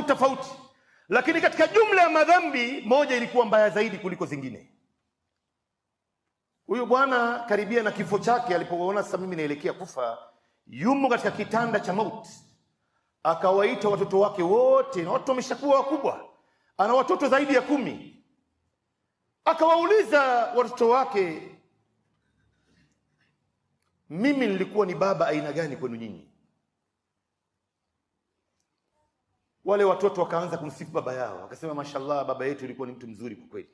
tofauti tofauti, lakini katika jumla ya madhambi moja ilikuwa mbaya zaidi kuliko zingine. Huyu bwana karibia na kifo chake, alipoona sasa mimi naelekea kufa, yumo katika kitanda cha mauti, akawaita watoto wake wote, na watu wameshakuwa wakubwa, ana watoto zaidi ya kumi. Akawauliza watoto wake, mimi nilikuwa ni baba aina gani kwenu nyinyi? Wale watoto wakaanza kumsifu baba yao, wakasema mashallah, baba yetu ilikuwa ni mtu mzuri kwa kweli,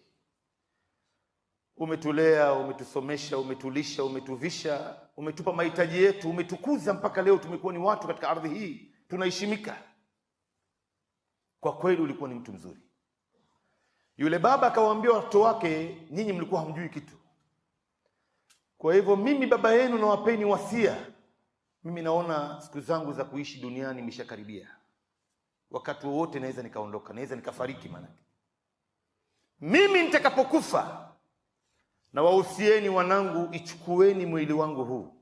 umetulea, umetusomesha, umetulisha, umetuvisha, umetupa mahitaji yetu, umetukuza mpaka leo tumekuwa ni watu katika ardhi hii, tunaheshimika. Kwa kweli ulikuwa ni mtu mzuri. Yule baba akawaambia watoto wake, nyinyi mlikuwa hamjui kitu, kwa hivyo mimi baba yenu nawapeni wasia. Mimi naona siku zangu za kuishi duniani imeshakaribia wakati wowote naweza nikaondoka, naweza nikafariki. Maanake mimi nitakapokufa, na wausieni wanangu, ichukueni mwili wangu huu,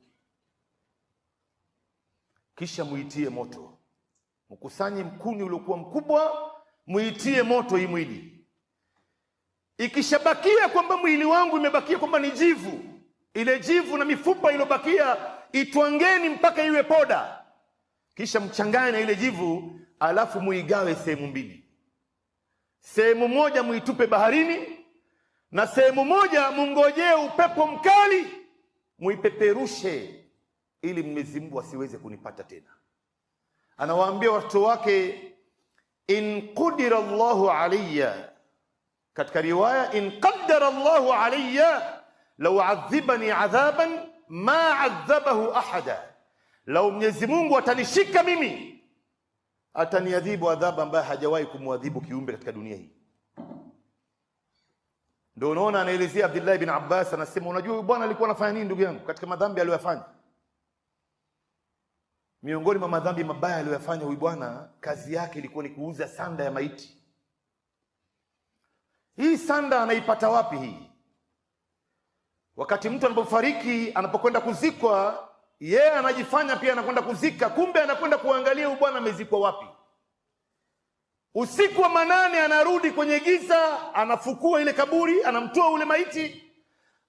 kisha muitie moto, mkusanye mkuni uliokuwa mkubwa, muitie moto hii mwili. Ikishabakia kwamba mwili wangu imebakia kwamba ni jivu, ile jivu na mifupa iliyobakia itwangeni mpaka iwe poda, kisha mchanganye na ile jivu alafu muigawe sehemu mbili, sehemu moja muitupe baharini na sehemu moja mungojee upepo mkali muipeperushe, ili Mwenyezi Mungu asiweze kunipata tena. Anawaambia watoto wake, in qudira llahu alayya, katika riwaya in qaddara llahu alayya lau adhibani adhaban ma adhabahu ahada, lau Mwenyezi Mungu atanishika mimi ataniadhibu adhabu ambayo hajawahi kumwadhibu kiumbe katika dunia hii. Ndio unaona anaelezea Abdullah bin Abbas, anasema unajua, huyu bwana alikuwa anafanya nini? Ndugu yangu, katika madhambi aliyoyafanya, miongoni mwa madhambi mabaya aliyoyafanya huyu bwana, kazi yake ilikuwa ni kuuza sanda ya maiti. Hii sanda anaipata wapi hii? Wakati mtu anapofariki, anapokwenda kuzikwa yeye yeah, anajifanya pia anakwenda kuzika, kumbe anakwenda kuangalia huyu bwana amezikwa wapi. Usiku wa manane anarudi kwenye giza, anafukua ile kaburi, anamtoa ule maiti,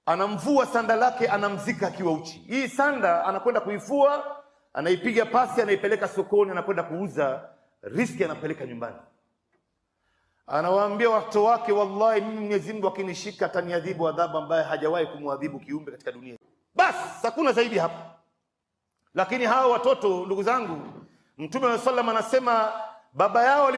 anamvua sanda lake, anamzika akiwa uchi. Hii sanda anakwenda kuifua, anaipiga pasi, anaipeleka sokoni, anakwenda kuuza, riski anapeleka nyumbani. Anawaambia watoto wake, wallahi, mimi Mwenyezi Mungu akinishika ataniadhibu adhabu ambaye hajawahi kumwadhibu kiumbe katika dunia. Bas, hakuna zaidi hapa. Lakini hawa watoto ndugu zangu, Mtume wa sallam anasema baba yao